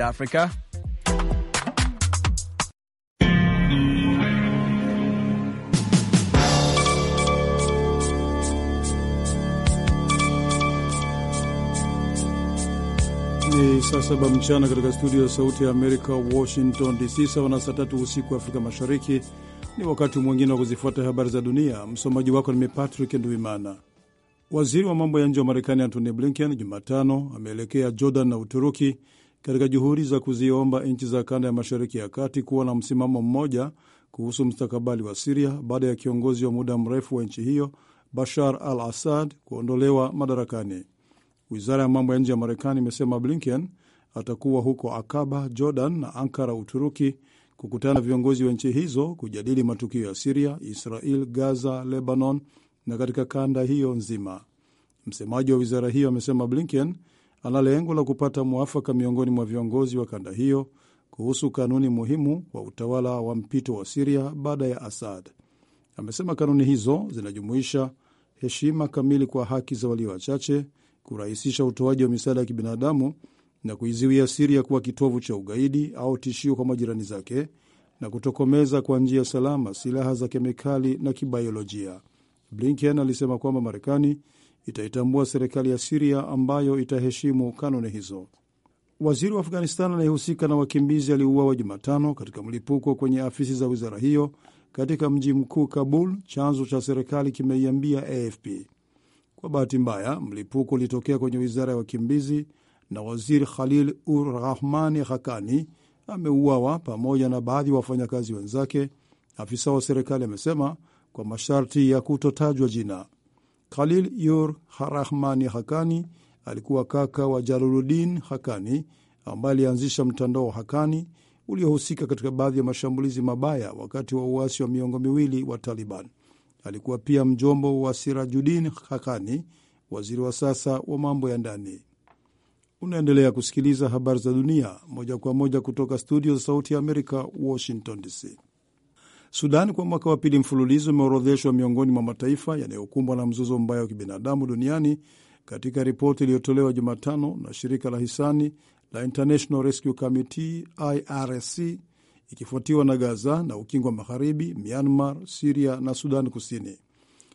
Africa. Ni saa saba mchana katika studio ya Sauti ya Amerika, Washington DC, sawa na saa tatu usiku wa Afrika Mashariki. Ni wakati mwingine wa kuzifuata habari za dunia. Msomaji wako nimi Patrick Nduimana. Waziri wa mambo ya nje wa Marekani Antony Blinken Jumatano ameelekea Jordan na Uturuki katika juhudi za kuziomba nchi za kanda ya Mashariki ya Kati kuwa na msimamo mmoja kuhusu mstakabali wa Siria baada ya kiongozi wa muda mrefu wa nchi hiyo Bashar al Assad kuondolewa madarakani. Wizara ya mambo ya nje ya Marekani imesema Blinken atakuwa huko Akaba, Jordan na Ankara, Uturuki, kukutana na viongozi wa nchi hizo kujadili matukio ya Siria, Israel, Gaza, Lebanon na katika kanda hiyo nzima. Msemaji wa wizara hiyo amesema Blinken ana lengo la kupata mwafaka miongoni mwa viongozi wa kanda hiyo kuhusu kanuni muhimu wa utawala wa mpito wa Siria baada ya Assad. Amesema kanuni hizo zinajumuisha heshima kamili kwa haki za walio wachache, kurahisisha utoaji wa misaada ya kibinadamu na kuiziwia Siria kuwa kitovu cha ugaidi au tishio kwa majirani zake, na kutokomeza kwa njia salama silaha za kemikali na kibaiolojia Blinken alisema kwamba Marekani itaitambua serikali ya Siria ambayo itaheshimu kanuni hizo. Waziri wa Afghanistan anayehusika na wakimbizi aliuawa Jumatano katika mlipuko kwenye afisi za wizara hiyo katika mji mkuu Kabul, chanzo cha serikali kimeiambia AFP. Kwa bahati mbaya, mlipuko ulitokea kwenye wizara ya wakimbizi na waziri Khalil ur Rahmani Hakani ameuawa pamoja na baadhi ya wafanyakazi wenzake, afisa wa serikali amesema, kwa masharti ya kutotajwa jina. Khalil Yur Rahmani Hakani alikuwa kaka wa Jalaluddin Hakani ambaye alianzisha mtandao wa Hakani uliohusika katika baadhi ya mashambulizi mabaya wakati wa uasi wa miongo miwili wa Taliban. Alikuwa pia mjombo wa Sirajuddin Hakani, waziri wa sasa wa mambo ya ndani. Unaendelea kusikiliza habari za dunia moja kwa moja kutoka studio za Sauti ya Amerika, Washington DC. Sudan kwa mwaka wa pili mfululizo imeorodheshwa miongoni mwa mataifa yanayokumbwa na mzozo mbaya wa kibinadamu duniani katika ripoti iliyotolewa Jumatano na shirika la hisani la International Rescue Committee IRC, ikifuatiwa na Gaza na Ukingo wa Magharibi, Myanmar, Siria na Sudan Kusini.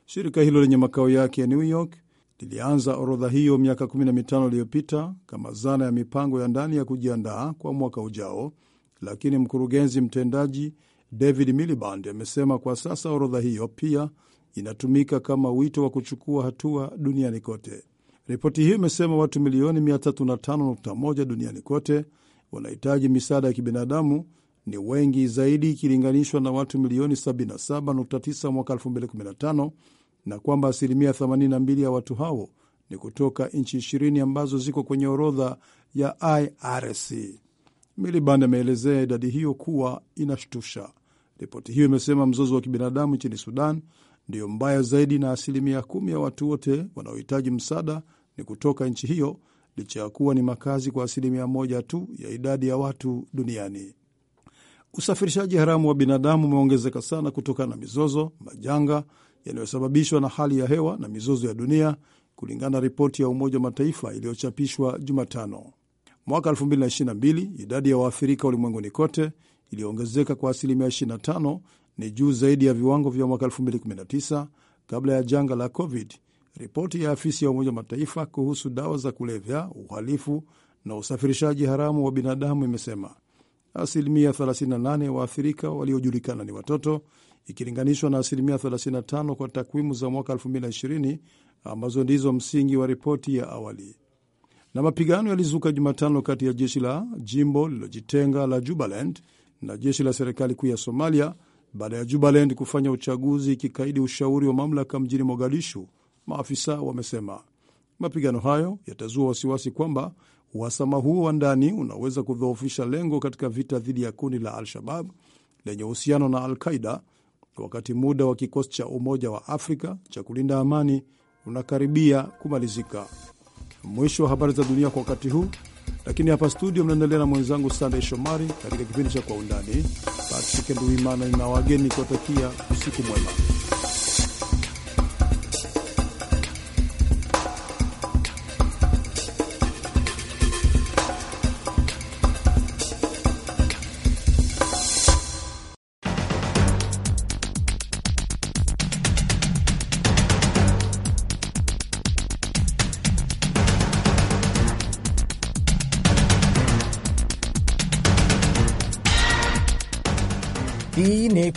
Shirika hilo lenye makao yake ya New York lilianza orodha hiyo miaka 15 iliyopita kama zana ya mipango ya ndani ya kujiandaa kwa mwaka ujao, lakini mkurugenzi mtendaji David Miliband amesema kwa sasa orodha hiyo pia inatumika kama wito wa kuchukua hatua duniani kote. Ripoti hiyo imesema watu milioni 305.1 duniani kote wanahitaji misaada ya kibinadamu, ni wengi zaidi ikilinganishwa na watu milioni 77.9 mwaka 2015 na kwamba asilimia 82 ya watu hao ni kutoka nchi 20 ambazo ziko kwenye orodha ya IRC. Miliband ameelezea idadi hiyo kuwa inashtusha. Ripoti hiyo imesema mzozo wa kibinadamu nchini Sudan ndiyo mbaya zaidi, na asilimia kumi ya watu wote wanaohitaji msaada ni kutoka nchi hiyo, licha ya kuwa ni makazi kwa asilimia moja tu ya idadi ya watu duniani. Usafirishaji haramu wa binadamu umeongezeka sana kutokana na mizozo, majanga yanayosababishwa na hali ya hewa na mizozo ya dunia, kulingana na ripoti ya Umoja wa Mataifa iliyochapishwa Jumatano. Mwaka 2022 idadi ya waathirika ulimwenguni kote iliyoongezeka kwa asilimia 25, ni juu zaidi ya viwango vya mwaka 2019 kabla ya janga la COVID. Ripoti ya afisi ya Umoja wa Mataifa kuhusu dawa za kulevya, uhalifu na usafirishaji haramu wa binadamu imesema asilimia 38 waathirika waliojulikana ni watoto ikilinganishwa na asilimia 35 kwa takwimu za mwaka 2020 ambazo ndizo msingi wa ripoti ya awali na mapigano yalizuka Jumatano kati ya jeshi la jimbo lililojitenga la Jubaland na jeshi la serikali kuu ya Somalia baada ya Jubaland kufanya uchaguzi ikikaidi ushauri wa mamlaka mjini Mogadishu, maafisa wamesema. Mapigano hayo yatazua wasiwasi kwamba uhasama huo wa ndani unaweza kudhoofisha lengo katika vita dhidi ya kundi la Al-Shabab lenye uhusiano na Al-Qaida, wakati muda wa kikosi cha Umoja wa Afrika cha kulinda amani unakaribia kumalizika. Mwisho wa habari za dunia kwa wakati huu, lakini hapa studio mnaendelea na mwenzangu Sandey Shomari katika kipindi cha Kwa Undani. Patrick Nduimana na wageni kuwatakia usiku mwema.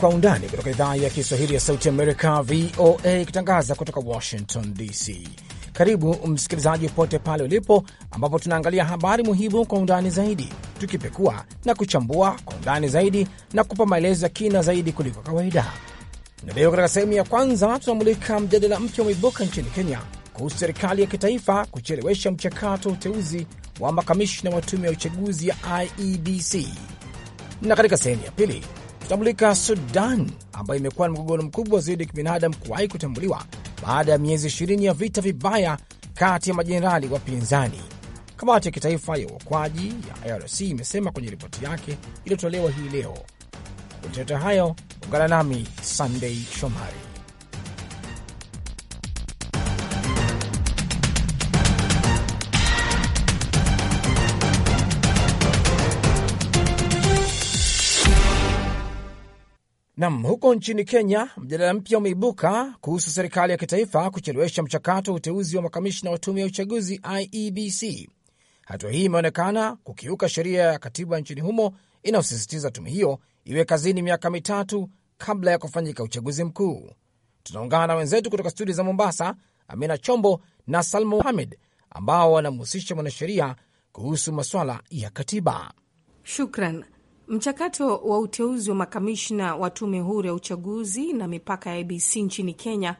kwa undani kutoka idhaa ya Kiswahili ya Sauti Amerika, VOA, ikitangaza kutoka Washington DC. Karibu msikilizaji, popote pale ulipo, ambapo tunaangalia habari muhimu kwa undani zaidi, tukipekua na kuchambua kwa undani zaidi na kupa maelezo ya kina zaidi kuliko kawaida. Na leo katika sehemu ya kwanza tunamulika mjadala mpya umeibuka nchini Kenya kuhusu serikali ya kitaifa kuchelewesha mchakato wa uteuzi wa makamishna wa tume ya uchaguzi ya IEBC, na katika sehemu ya pili kutambulika Sudan, ambayo imekuwa na mgogoro mkubwa zaidi ya kibinadamu kuwahi kutambuliwa baada ya miezi ishirini ya vita vibaya kati ya majenerali wapinzani. Kamati ya kitaifa ya uokoaji ya IRC imesema kwenye ripoti yake iliyotolewa hii leo. Kutoka hayo, ungana nami sandei Shomari. Nam, huko nchini Kenya mjadala mpya umeibuka kuhusu serikali ya kitaifa kuchelewesha mchakato wa uteuzi wa makamishna wa tume ya uchaguzi IEBC. Hatua hii imeonekana kukiuka sheria ya katiba nchini humo inayosisitiza tume hiyo iwe kazini miaka mitatu kabla ya kufanyika uchaguzi mkuu. Tunaungana na wenzetu kutoka studio za Mombasa, Amina Chombo na Salma Muhamed, ambao wanamhusisha mwanasheria kuhusu masuala ya katiba. Shukran. Mchakato wa uteuzi wa makamishna wa tume huru ya uchaguzi na mipaka ya abc nchini Kenya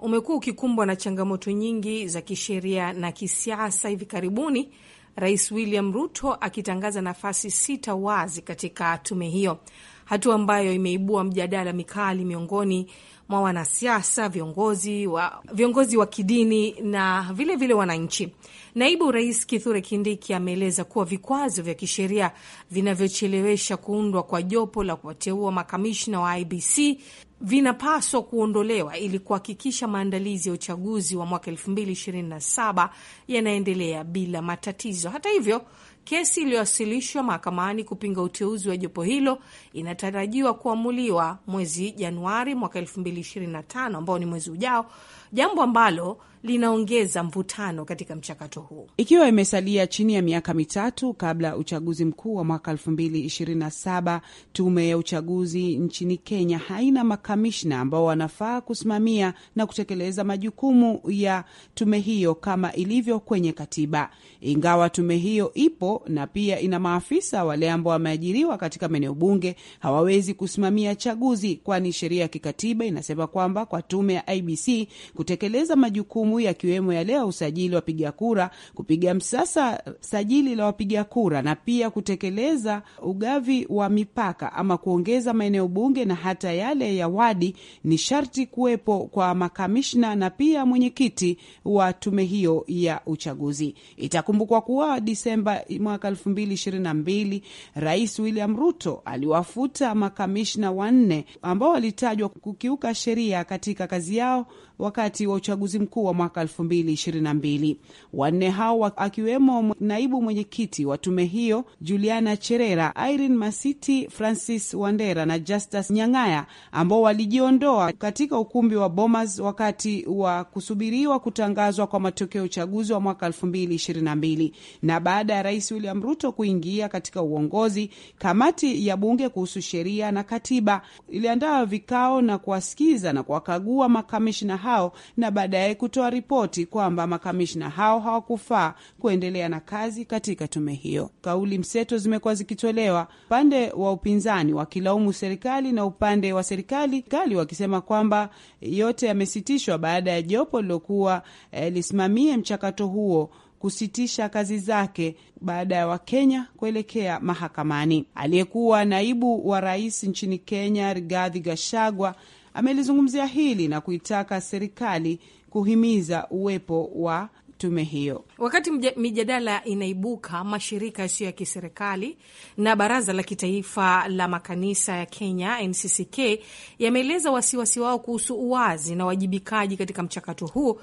umekuwa ukikumbwa na changamoto nyingi za kisheria na kisiasa, hivi karibuni Rais William Ruto akitangaza nafasi sita wazi katika tume hiyo, hatua ambayo imeibua mjadala mikali miongoni mwa wanasiasa, viongozi wa, viongozi wa kidini na vilevile vile wananchi. Naibu Rais Kithure Kindiki ameeleza kuwa vikwazo vya kisheria vinavyochelewesha kuundwa kwa jopo la kuwateua makamishna wa IBC vinapaswa kuondolewa ili kuhakikisha maandalizi ya uchaguzi wa mwaka 2027 yanaendelea bila matatizo. Hata hivyo, kesi iliyowasilishwa mahakamani kupinga uteuzi wa jopo hilo inatarajiwa kuamuliwa mwezi Januari mwaka 2025 ambao ni mwezi ujao, jambo ambalo linaongeza mvutano katika mchakato huu. Ikiwa imesalia chini ya miaka mitatu kabla ya uchaguzi mkuu wa mwaka 2027, tume ya uchaguzi nchini Kenya haina makamishna ambao wanafaa kusimamia na kutekeleza majukumu ya tume hiyo kama ilivyo kwenye katiba, ingawa tume hiyo ipo na pia ina maafisa wale ambao wameajiriwa katika maeneo bunge, hawawezi kusimamia chaguzi, kwani sheria ya kikatiba inasema kwamba kwa tume ya IBC kutekeleza majukumu muhimu yakiwemo yale ya usajili wapiga kura, kupiga msasa sajili la wapiga kura, na pia kutekeleza ugavi wa mipaka ama kuongeza maeneo bunge na hata yale ya wadi. Ni sharti kuwepo kwa makamishna na pia mwenyekiti wa tume hiyo ya uchaguzi. Itakumbukwa kuwa Disemba mwaka 2022 Rais William Ruto aliwafuta makamishna wanne ambao walitajwa kukiuka sheria katika kazi yao wakati wa uchaguzi mkuu wa mwaka 2022. Wanne hao akiwemo naibu mwenyekiti wa tume hiyo Juliana Cherera, Irene Masiti, Francis Wandera na Justus Nyang'aya ambao walijiondoa katika ukumbi wa Bomas wakati wa kusubiriwa kutangazwa kwa matokeo ya uchaguzi wa mwaka 222 Na baada ya Rais William Ruto kuingia katika uongozi, kamati ya bunge kuhusu sheria na katiba iliandaa vikao na kuwasikiza na kuwakagua makamishna hao na baadaye kutoa ripoti kwamba makamishna hao hawakufaa kuendelea na kazi katika tume hiyo. Kauli mseto zimekuwa zikitolewa, upande wa upinzani wakilaumu serikali na upande wa serikali kali wakisema kwamba yote yamesitishwa baada ya jopo lilokuwa eh, lisimamie mchakato huo kusitisha kazi zake baada ya Wakenya kuelekea mahakamani. Aliyekuwa naibu wa rais nchini Kenya, Rigathi Gachagua amelizungumzia hili na kuitaka serikali kuhimiza uwepo wa tume hiyo. Wakati mijadala inaibuka, mashirika yasiyo ya kiserikali na Baraza la Kitaifa la Makanisa ya Kenya NCCK yameeleza wasiwasi wao kuhusu uwazi na uwajibikaji katika mchakato huu,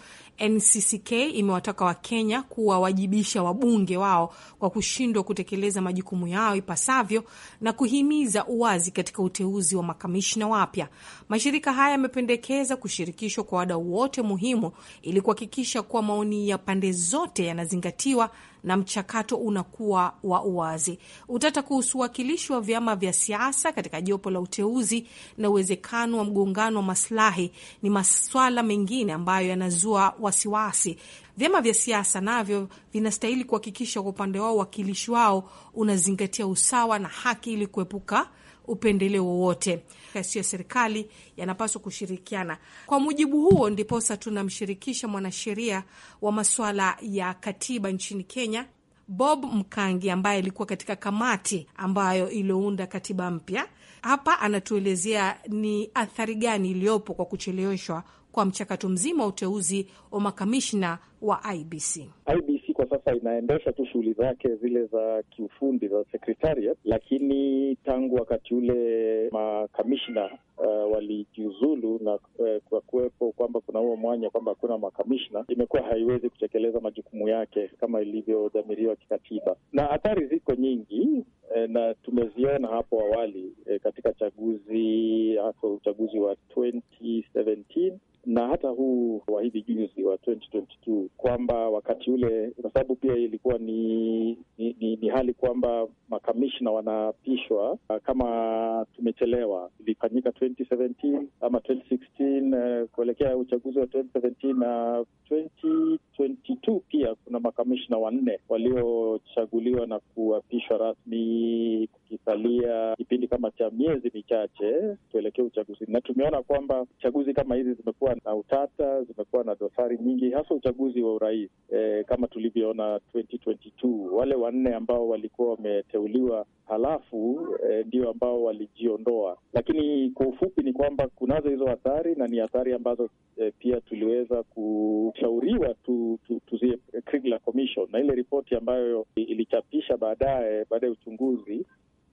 NCCK imewataka Wakenya kuwawajibisha wabunge wao kwa kushindwa kutekeleza majukumu yao ipasavyo na kuhimiza uwazi katika uteuzi wa makamishna wapya. Mashirika haya yamependekeza kushirikishwa kwa wadau wote muhimu ili kuhakikisha kuwa maoni ya pande zote yanazingatiwa na mchakato unakuwa wa uwazi. Utata kuhusu uwakilishi wa vyama vya siasa katika jopo la uteuzi na uwezekano wa mgongano wa maslahi ni maswala mengine ambayo yanazua wasiwasi. Vyama vya siasa navyo vinastahili kuhakikisha kwa upande wao uwakilishi wao unazingatia usawa na haki ili kuepuka upendeleo wowote. Yasiyo serikali yanapaswa kushirikiana. Kwa mujibu huo, ndiposa tunamshirikisha mwanasheria wa masuala ya katiba nchini Kenya Bob Mkangi ambaye alikuwa katika kamati ambayo iliyounda katiba mpya. Hapa anatuelezea ni athari gani iliyopo kwa kucheleweshwa kwa mchakato mzima wa uteuzi wa makamishna wa IBC. IBC kwa sasa inaendesha tu shughuli zake zile za kiufundi za secretariat, lakini tangu wakati ule makamishna uh, walijiuzulu na uh, kwa kuwepo kwamba kuna huo mwanya kwamba hakuna makamishna, imekuwa haiwezi kutekeleza majukumu yake kama ilivyodhamiriwa kikatiba, na athari ziko nyingi eh, na tumeziona hapo awali e, katika chaguzi hasa uchaguzi wa 2017 na hata huu wa hivi juzi wa 2022 kwamba wakati ule, kwa sababu pia ilikuwa ni, ni, ni, ni hali kwamba makamishna wanapishwa ah, kama tumechelewa. Ilifanyika 2017 ama 2016 uh, eh, kuelekea uchaguzi wa 2017 na 2022 pia kuna makamishna wanne waliochaguliwa na kuapishwa rasmi ikisalia kipindi kama cha miezi michache tuelekee uchaguzini, na tumeona kwamba chaguzi kama hizi zimekuwa na utata, zimekuwa na dosari nyingi, hasa uchaguzi wa urais e, kama tulivyoona 2022 wale wanne ambao walikuwa wameteuliwa halafu e, ndio ambao walijiondoa. Lakini kwa ufupi ni kwamba kunazo hizo hatari na ni hatari ambazo e, pia tuliweza kushauriwa tu, tu, tuzie Kriegler Commission na ile ripoti ambayo ilichapisha baadaye baada ya uchunguzi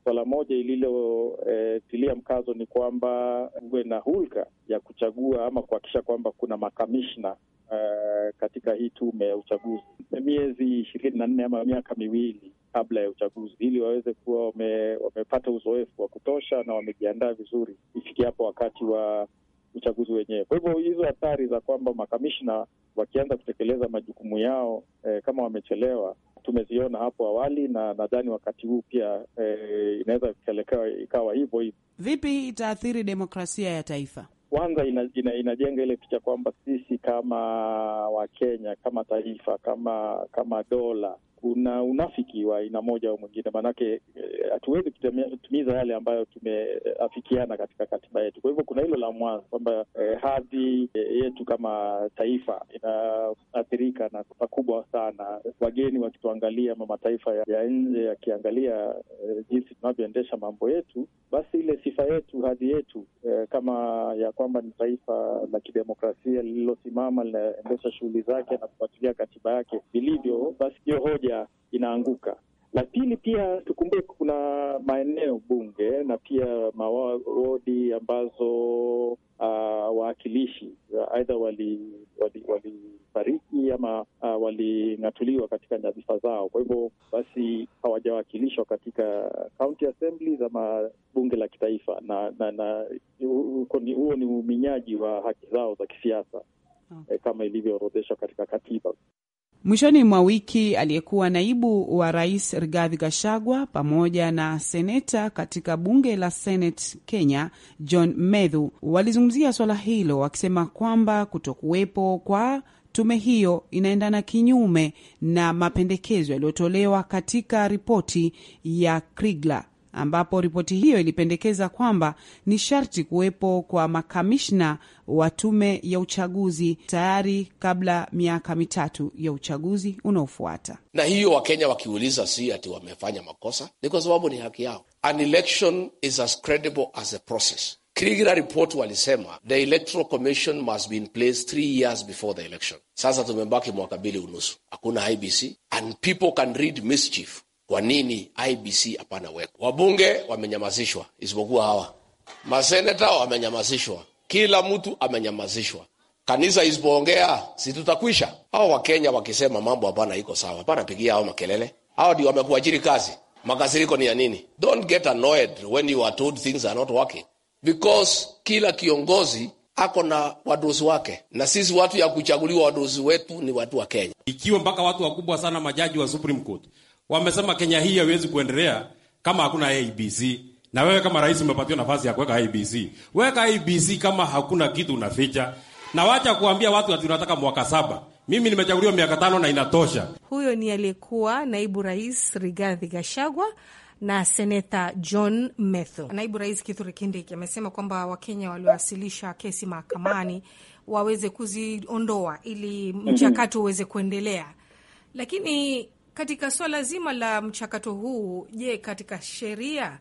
Suala moja ililotilia eh, e, mkazo ni kwamba uwe na hulka ya kuchagua ama kuhakikisha kwamba kuna makamishna Uh, katika hii tume ya uchaguzi miezi ishirini na nne ama miaka miwili kabla ya uchaguzi, ili waweze kuwa wame, wamepata uzoefu wa kutosha na wamejiandaa vizuri ifikiapo wakati wa uchaguzi wenyewe. Kwa hivyo hizo athari za kwamba makamishna wakianza kutekeleza majukumu yao eh, kama wamechelewa tumeziona hapo awali na nadhani wakati huu pia eh, inaweza ikawa hivyo hivyo. Vipi itaathiri demokrasia ya taifa? Kwanza inajenga ina, ina ile picha kwamba sisi kama Wakenya, kama taifa, kama kama dola kuna unafiki wa aina moja au mwingine, maanake eh, hatuwezi kutimiza yale ambayo tumeafikiana katika katiba yetu. Kwa hivyo kuna hilo la mwanzo kwamba eh, hadhi eh, yetu kama taifa inaathirika na pakubwa sana, wageni wakituangalia ama mataifa ya nje yakiangalia eh, jinsi tunavyoendesha mambo yetu, basi ile sifa yetu, hadhi yetu eh, kama ya kwamba ni taifa la kidemokrasia lililosimama, linaendesha shughuli zake na kufuatilia katiba yake vilivyo, basi hiyo hoja pia inaanguka. La pili pia tukumbuke, kuna maeneo bunge na pia mawodi ambazo uh, wawakilishi aidha walifariki wali, wali ama uh, ah, waling'atuliwa katika nyadhifa zao, kwa hivyo basi hawajawakilishwa katika county assemblies ama bunge la kitaifa, na na, na huo ni uminyaji wa haki zao za kisiasa. Okay. Ah. Eh, kama ilivyoorodheshwa katika katiba. Mwishoni mwa wiki aliyekuwa naibu wa rais Rigathi Gachagua pamoja na seneta katika bunge la Senate Kenya John Methu walizungumzia swala hilo wakisema kwamba kutokuwepo kwa tume hiyo inaendana kinyume na mapendekezo yaliyotolewa katika ripoti ya Kriegler ambapo ripoti hiyo ilipendekeza kwamba ni sharti kuwepo kwa makamishna wa tume ya uchaguzi tayari kabla miaka mitatu ya uchaguzi unaofuata. Na hiyo Wakenya wakiuliza, si ati wamefanya makosa, ni kwa sababu ni haki yao. An election is as credible as a process. Kriegler report walisema the electoral commission must be in place three years before the election. Sasa tumebaki mwaka mbili unusu, hakuna IBC and people can read mischief kwa nini IBC hapana weko? Wabunge wamenyamazishwa isipokuwa hawa maseneta wamenyamazishwa, kila mtu amenyamazishwa. Kanisa isipoongea si tutakwisha? Hao Wakenya wakisema mambo hapana iko sawa, hapana pigia hao makelele. Hao ndio wamekuajiri kazi. Makasiriko ni ya nini? Don't get annoyed when you are told things are not working because kila kiongozi ako na wadosi wake, na sisi watu ya kuchaguliwa wadosi wetu ni watu wa Kenya, ikiwa mpaka watu wakubwa sana majaji wa Supreme Court Wamesema Kenya hii haiwezi kuendelea kama hakuna ABC. Na wewe kama rais umepatiwa nafasi ya kuweka ABC. Weka ABC kama hakuna kitu unaficha. Na wacha kuambia watu ati unataka mwaka saba. Mimi nimechaguliwa miaka tano na inatosha. Huyo ni aliyekuwa naibu rais Rigathi Gachagua na seneta John Methu. Naibu rais Kithure Kindiki amesema kwamba Wakenya waliowasilisha kesi mahakamani waweze kuziondoa ili mhm. mchakato uweze kuendelea, lakini katika swala zima la mchakato huu, je, katika sheria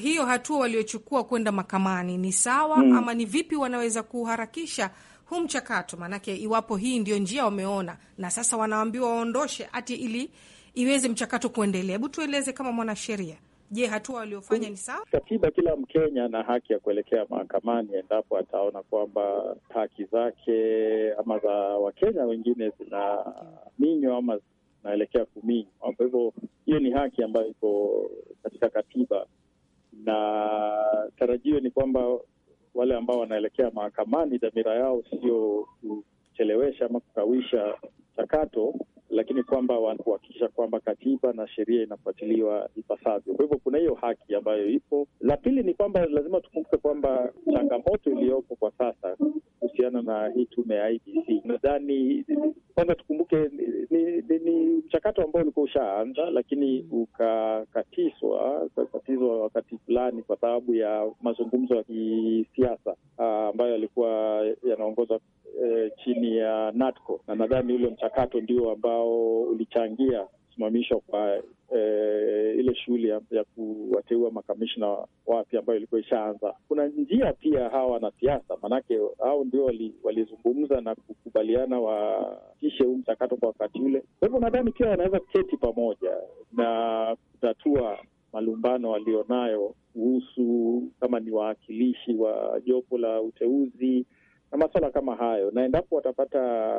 hiyo hatua waliochukua kwenda mahakamani ni sawa mm, ama ni vipi wanaweza kuharakisha huu mchakato? Maanake iwapo hii ndio njia wameona na sasa wanaambiwa waondoshe hati ili iweze mchakato kuendelea. Hebu tueleze kama mwanasheria, je, hatua waliofanya ni sawa? Katiba, kila Mkenya ana haki ya kuelekea mahakamani endapo ataona kwamba haki zake ama za Wakenya wengine zinaminywa ama naelekea kuminywa. Kwa hivyo hiyo ni haki ambayo iko katika katiba, na tarajio ni kwamba wale ambao wanaelekea mahakamani, dhamira yao sio kuchelewesha ama kukawisha mchakato, lakini kwamba wanakuhakikisha kwamba katiba na sheria inafuatiliwa ipasavyo. Kwa hivyo kuna hiyo haki ambayo ipo. La pili ni kwamba lazima tukumbuke kwamba changamoto iliyopo kwa sasa kuhusiana na hii tume ya IBC, nadhani kwanza tukumbuke ni, ni, ni mchakato ambao ulikuwa ushaanza, lakini ukakatizwa ukakatizwa wakati fulani kwa sababu ya mazungumzo ya kisiasa ah, ambayo yalikuwa yanaongozwa eh, chini ya NATCO na nadhani ule mchakato ndio ambao ambao ulichangia kusimamishwa kwa eh, ile shughuli ya kuwateua makamishna wapya ambayo ilikuwa ishaanza. Kuna njia pia hawa wanasiasa, maanake hao ndio walizungumza wali na kukubaliana watishe huu mchakato kwa wakati ule. Kwa hivyo nadhani pia wanaweza kuketi pamoja na kutatua malumbano walionayo kuhusu kama ni waakilishi wa jopo la uteuzi na maswala kama hayo, na endapo watapata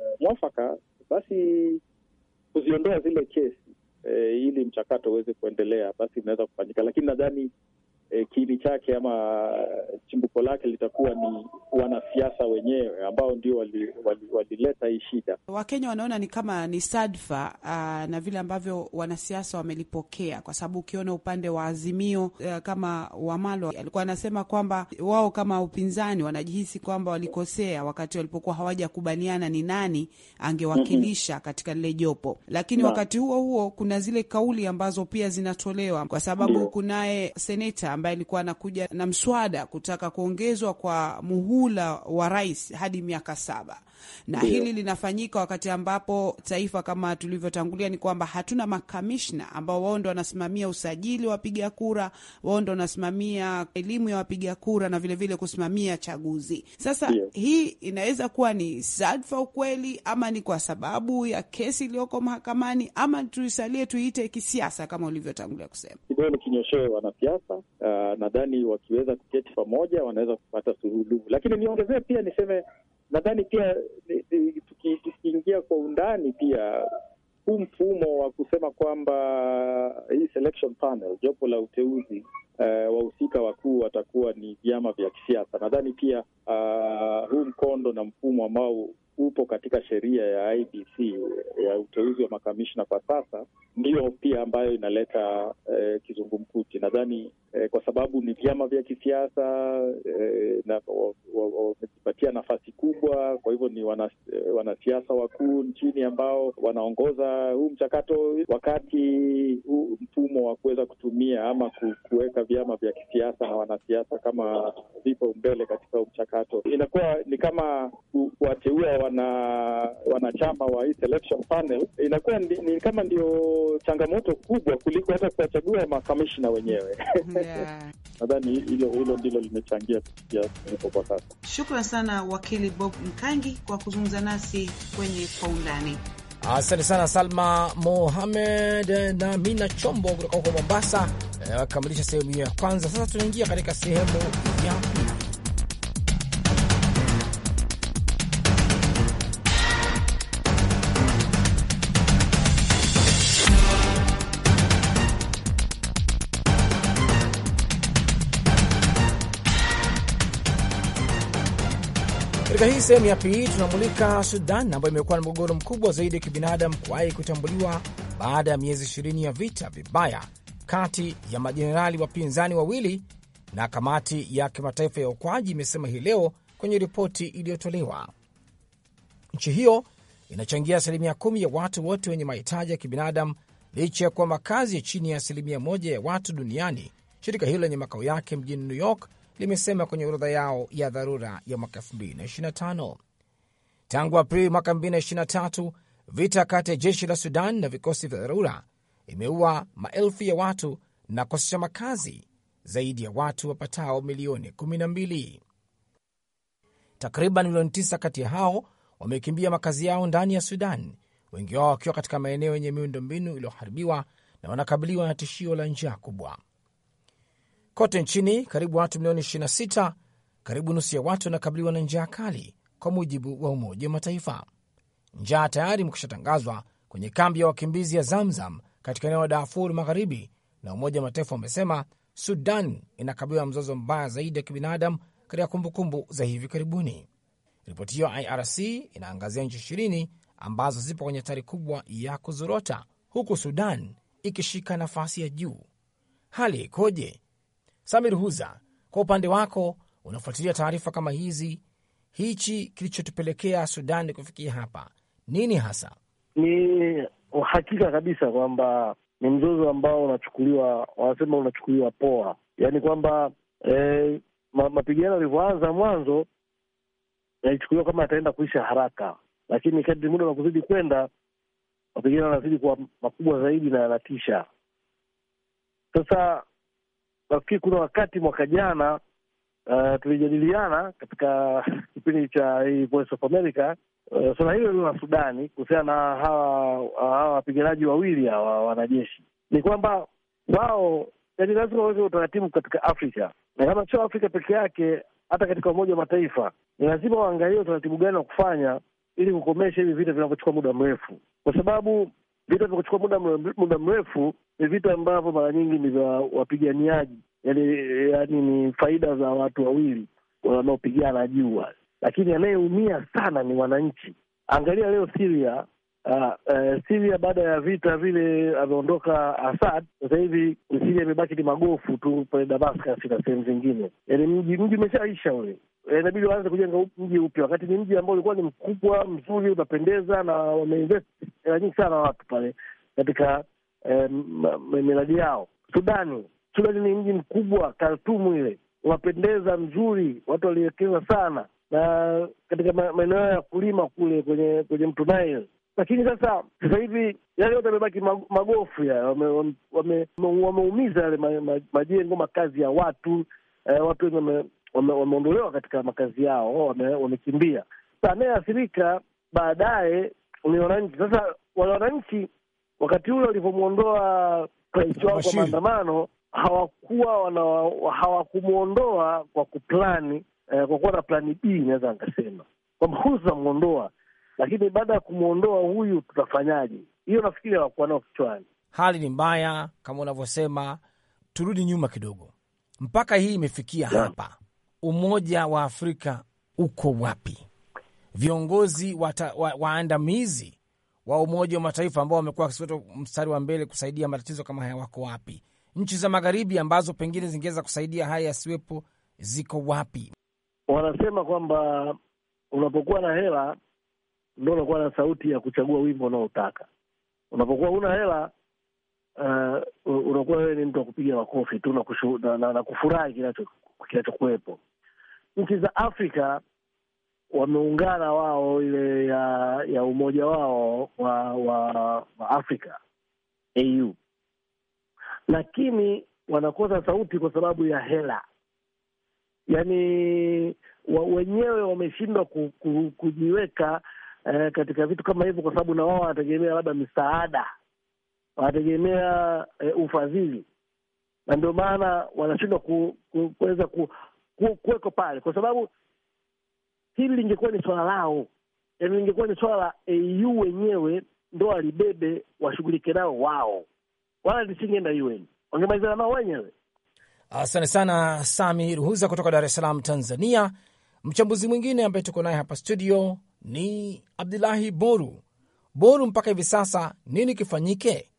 eh, mwafaka basi kuziondoa zile kesi e, ili mchakato uweze kuendelea, basi inaweza kufanyika, lakini nadhani e, eh, kiini chake ama eh, chimbuko lake litakuwa ni wanasiasa wenyewe ambao ndio walileta wali, wali hii shida. Wakenya wanaona ni kama ni sadfa aa, ah, na vile ambavyo wanasiasa wamelipokea, kwa sababu ukiona upande wa Azimio e, kama Wamalo alikuwa anasema kwamba wao kama upinzani wanajihisi kwamba walikosea wakati walipokuwa hawajakubaliana ni nani angewakilisha mm -hmm. katika lile jopo, lakini na wakati huo huo kuna zile kauli ambazo pia zinatolewa kwa sababu kunaye seneta ambaye alikuwa anakuja na mswada kutaka kuongezwa kwa muhula wa rais hadi miaka saba na yeah. Hili linafanyika wakati ambapo taifa kama tulivyotangulia ni kwamba hatuna makamishna ambao wao ndo wanasimamia usajili wa wapiga kura, wao ndo wanasimamia elimu ya wapiga kura na vilevile vile kusimamia chaguzi. Sasa yeah. hii inaweza kuwa ni sadfa ukweli, ama ni kwa sababu ya kesi iliyoko mahakamani, ama tuisalie tuiite kisiasa kama ulivyotangulia kusema, kidogo kinyoshewe wanasiasa. Uh, nadhani wakiweza kuketi pamoja wanaweza kupata suluhu, lakini niongezee pia niseme nadhani pia tukiingia kwa undani pia huu mfumo wa kusema kwamba hii selection panel, jopo la uteuzi uh, wahusika wakuu watakuwa ni vyama vya kisiasa. Nadhani pia uh, huu mkondo na mfumo ambao upo katika sheria ya IBC ya uteuzi wa makamishna kwa sasa, ndiyo pia ambayo inaleta eh, kizungumkuti nadhani, eh, kwa sababu ni vyama vya kisiasa eh, na nafasi kubwa, kwa hivyo ni wanasiasa eh, wanasiasa wakuu nchini ambao wanaongoza huu mchakato, wakati huu mfumo wa kuweza kutumia ama kuweka vyama vya kisiasa na wanasiasa kama mbele katika huu mchakato inakuwa ni kama kuwateua wana wanachama wa hii selection panel inakuwa ni, ni kama ndio changamoto kubwa kuliko hata kuwachagua makamishina wenyewe yeah. Nadhani hilo hilo ndilo limechangia kufikia tulipo kwa sasa. Shukran sana wakili Bob Mkangi kwa kuzungumza nasi kwenye kwa undani. Asante sana Salma Mohamed na Mina Chombo kutoka huko Mombasa. Eh, wakamilisha sehemu hiyo ya kwanza. Sasa tunaingia katika sehemu ya Katika hii sehemu ya pili tunamulika Sudan ambayo imekuwa na mgogoro mkubwa zaidi ya kibinadamu kuwahi kutambuliwa baada ya miezi ishirini ya vita vibaya kati ya majenerali wapinzani wawili, na kamati ya kimataifa ya uokoaji imesema hii leo kwenye ripoti iliyotolewa, nchi hiyo inachangia asilimia kumi ya watu wote wenye mahitaji ya kibinadamu licha ya kuwa makazi ya chini ya asilimia moja ya watu duniani. Shirika hilo lenye makao yake mjini New York limesema kwenye orodha yao ya dharura ya mwaka 2025. Tangu Aprili mwaka 2023, vita kati ya jeshi la Sudan na vikosi vya dharura imeua maelfu ya watu na kukosesha makazi zaidi ya watu wapatao milioni 12. Takriban milioni 9 kati ya hao wamekimbia makazi yao ndani ya Sudan, wengi wao wakiwa katika maeneo yenye miundo mbinu iliyoharibiwa na wanakabiliwa na tishio la njaa kubwa. Kote nchini karibu watu milioni 26, karibu nusu ya watu wanakabiliwa na njaa kali, kwa mujibu wa Umoja wa Mataifa. Njaa tayari imekwishatangazwa kwenye kambi ya wakimbizi ya Zamzam katika eneo la Darfur Magharibi, na Umoja wa Mataifa wamesema Sudan inakabiliwa na mzozo mbaya zaidi ya kibinadamu katika kumbukumbu za hivi karibuni. Ripoti hiyo IRC inaangazia nchi ishirini ambazo zipo kwenye hatari kubwa ya kuzorota, huku Sudan ikishika nafasi ya juu. Hali ikoje Samir Huza, kwa upande wako unafuatilia taarifa kama hizi, hichi kilichotupelekea Sudani kufikia hapa nini hasa? Ni uhakika kabisa kwamba ni mzozo ambao unachukuliwa, wanasema unachukuliwa poa, yaani kwamba eh, mapigano yalivyoanza mwanzo yalichukuliwa kama yataenda kuisha haraka, lakini kadri muda unakuzidi kwenda mapigano yanazidi kuwa makubwa zaidi na yanatisha. Sasa nafikiri kuna wakati mwaka jana uh, tulijadiliana katika kipindi cha hii Voice of America uh, eh, swala hilo lilo la Sudani kuhusiana na hawa hawa wapiganaji wawili hawa wanajeshi, ni kwamba wao yani lazima waweze utaratibu katika Afrika na kama sio Afrika peke yake, hata katika Umoja wa Mataifa ni lazima waangalie utaratibu gani wa kufanya ili kukomesha hivi vita vinavyochukua muda mrefu, kwa sababu Vita vya kuchukua muda muda mrefu ni vita ambavyo mara nyingi ni vya wapiganiaji, yani, yani ni faida za watu wawili wanaopigana juu, lakini anayeumia sana ni wananchi. Angalia leo Siria. Uh, ah, uh, eh, Siria baada ya vita vile ameondoka Assad, sasa hivi Siria imebaki ni magofu tu pale Damascus na sehemu zingine, yani mji mji umeshaisha ule. Eh, inabidi waanze kujenga mji upya, wakati ni mji ambao ulikuwa ni mkubwa mzuri, unapendeza na wameinvest hela nyingi sana watu pale katika eh, miradi yao. Sudani, Sudani ni mji mkubwa, Khartumu ile unapendeza, mzuri, watu waliwekeza sana na katika maeneo ya kulima kule kwenye kwenye mto Nile, lakini sasa sasa hivi yale yote yamebaki magofu ya wameumiza wame, wame yale majengo makazi ya watu eh, watu wengi wameondolewa wame katika makazi yao, wamekimbia. wame anayeathirika baadaye ni wananchi. Sasa wale wananchi wakati ule walivyomwondoa rais wao kwa maandamano, hawakuwa hawakumwondoa kwa kuplani eh, kwa kuwa na plani B, inaweza nikasema kwamba huyu tutamwondoa, lakini baada ya kumwondoa huyu tutafanyaje? Hiyo nafikiri hawakuwa nao kichwani. Hali ni mbaya kama unavyosema. Turudi nyuma kidogo mpaka hii imefikia yeah. hapa Umoja wa Afrika uko wapi? Viongozi wata, wa, waandamizi wa Umoja wa Mataifa ambao wamekuwa mstari wa mbele kusaidia matatizo kama haya wako wapi? Nchi za magharibi ambazo pengine zingeweza kusaidia haya yasiwepo ziko wapi? Wanasema kwamba unapokuwa na hela ndo unakuwa na sauti ya kuchagua wimbo unaotaka. Unapokuwa una hela uh, unakuwa wewe ni mtu wa kupiga makofi tu na, na, na, na kufurahi kinachokuwepo nchi za Afrika wameungana wao ile ya ya umoja wao wa wa, wa Afrika AU, lakini wanakosa sauti kwa sababu ya hela. Yani wa, wenyewe wameshindwa ku, ku, kujiweka eh, katika vitu kama hivyo, kwa sababu na wao wanategemea labda misaada, wanategemea eh, ufadhili, na ndio maana wanashindwa kuweza ku, ku, kuweko pale, kwa sababu hili lingekuwa ni swala lao, yani lingekuwa ni swala la AU wenyewe ndo walibebe washughulike nao wao, wala lisingeenda UN, wangemalizana nao wenyewe. Asante sana Sami Ruhuza kutoka Dar es Salaam, Tanzania. Mchambuzi mwingine ambaye tuko naye hapa studio ni Abdulahi Boru. Boru, mpaka hivi sasa nini kifanyike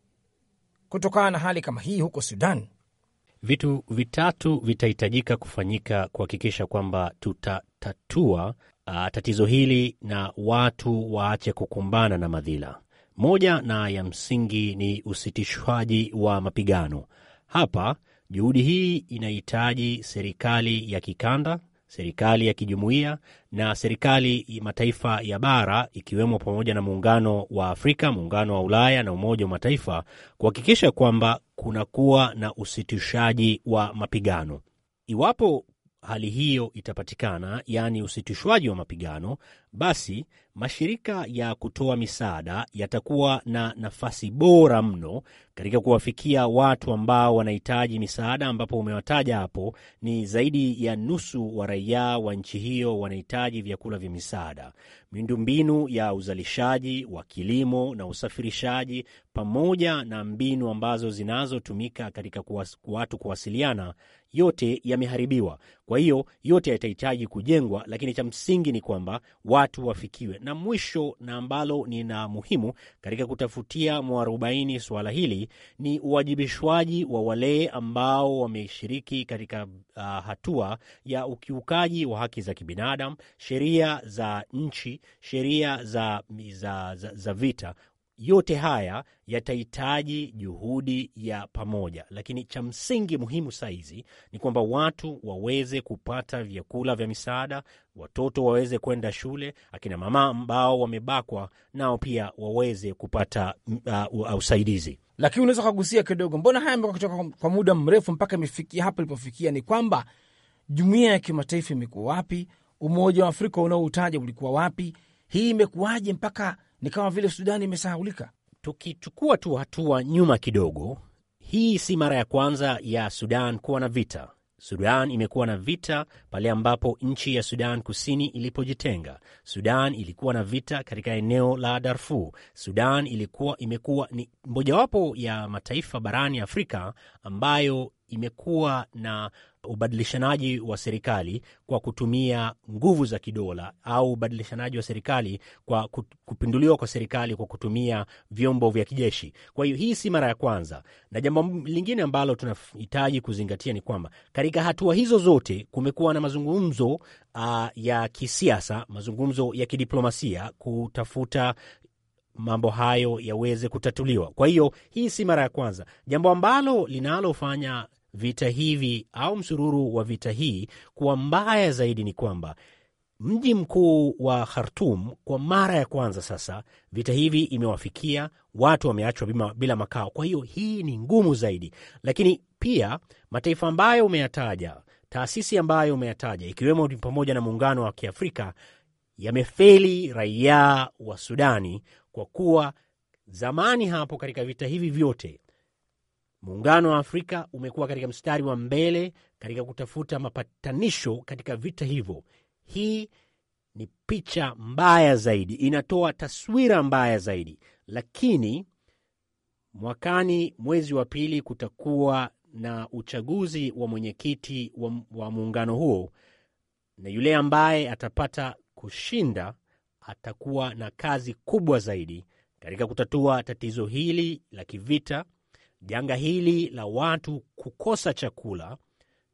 kutokana na hali kama hii huko Sudan? Vitu vitatu vitahitajika kufanyika kuhakikisha kwamba tutatatua uh, tatizo hili na watu waache kukumbana na madhila. Moja na ya msingi ni usitishwaji wa mapigano. Hapa juhudi hii inahitaji serikali ya kikanda, serikali ya kijumuiya na serikali mataifa ya bara ikiwemo pamoja na muungano wa Afrika, muungano wa Ulaya na Umoja wa Mataifa kuhakikisha kwamba kunakuwa na usitishaji wa mapigano. Iwapo hali hiyo itapatikana, yaani usitishwaji wa mapigano, basi mashirika ya kutoa misaada yatakuwa na nafasi bora mno katika kuwafikia watu ambao wanahitaji misaada, ambapo umewataja hapo, ni zaidi ya nusu wa raia wa nchi hiyo wanahitaji vyakula vya misaada. Miundombinu ya uzalishaji wa kilimo na usafirishaji, pamoja na mbinu ambazo zinazotumika katika kuwas, watu kuwasiliana, yote yameharibiwa. Kwa hiyo yote yatahitaji kujengwa, lakini cha msingi ni kwamba watu wafikiwe. Na mwisho na ambalo ni na muhimu katika kutafutia mwarobaini suala hili ni uwajibishwaji wa wale ambao wameshiriki katika uh, hatua ya ukiukaji wa haki za kibinadamu, sheria za nchi, sheria za, za, za, za vita yote haya yatahitaji juhudi ya pamoja, lakini cha msingi muhimu saizi ni kwamba watu waweze kupata vyakula vya misaada, watoto waweze kwenda shule, akina mama ambao wamebakwa nao pia waweze kupata uh, uh usaidizi. Lakini unaweza ukagusia kidogo, mbona haya amekuwa kutoka kwa muda mrefu mpaka imefikia hapo ilipofikia? Ni kwamba jumuiya ya kimataifa imekuwa wapi? Umoja wa Afrika unaoutaja ulikuwa wapi? Hii imekuwaje mpaka ni kama vile Sudani imesahaulika. Tukichukua tu hatua nyuma kidogo, hii si mara ya kwanza ya Sudan kuwa na vita. Sudan imekuwa na vita pale ambapo nchi ya Sudan Kusini ilipojitenga. Sudan ilikuwa na vita katika eneo la Darfur. Sudan ilikuwa imekuwa ni mojawapo ya mataifa barani Afrika ambayo imekuwa na ubadilishanaji wa serikali kwa kutumia nguvu za kidola au ubadilishanaji wa serikali kwa kupinduliwa kwa serikali kwa kutumia vyombo vya kijeshi. Kwa hiyo hii si mara ya kwanza, na jambo lingine ambalo tunahitaji kuzingatia ni kwamba katika hatua hizo zote kumekuwa na mazungumzo uh, ya kisiasa, mazungumzo ya kidiplomasia kutafuta mambo hayo yaweze kutatuliwa. Kwa hiyo hii si mara ya kwanza, jambo ambalo linalofanya vita hivi au msururu wa vita hii kuwa mbaya zaidi ni kwamba mji mkuu wa Khartum kwa mara ya kwanza sasa vita hivi imewafikia watu, wameachwa bila makao. Kwa hiyo hii ni ngumu zaidi, lakini pia mataifa ambayo umeyataja, taasisi ambayo umeyataja, ikiwemo ni pamoja na muungano wa Kiafrika yamefeli raia wa Sudani kwa kuwa zamani hapo katika vita hivi vyote Muungano wa Afrika umekuwa katika mstari wa mbele katika kutafuta mapatanisho katika vita hivyo. Hii ni picha mbaya zaidi, inatoa taswira mbaya zaidi, lakini mwakani mwezi wa pili kutakuwa na uchaguzi wa mwenyekiti wa, wa muungano huo, na yule ambaye atapata kushinda atakuwa na kazi kubwa zaidi katika kutatua tatizo hili la kivita janga hili la watu kukosa chakula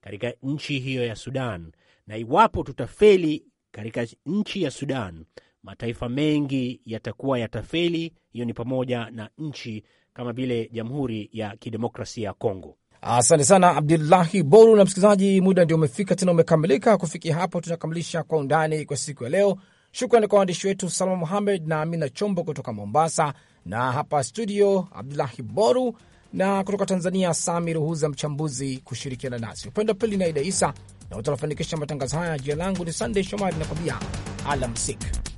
katika nchi hiyo ya Sudan, na iwapo tutafeli katika nchi ya Sudan, mataifa mengi yatakuwa yatafeli. Hiyo ni pamoja na nchi kama vile Jamhuri ya Kidemokrasia ya Kongo. Asante sana Abdullahi Boru. Na msikilizaji, muda ndio umefika tena, umekamilika. Kufikia hapo, tunakamilisha kwa undani kwa siku ya leo. Shukrani kwa waandishi wetu Salma Muhamed na Amina Chombo kutoka Mombasa, na hapa studio Abdullahi Boru na kutoka Tanzania Sami Ruhuza, mchambuzi kushirikiana nasi upande wa pili na Aida Isa na utanafanikisha matangazo haya. Jina langu ni Sandey Shomari, nakwambia alamsik.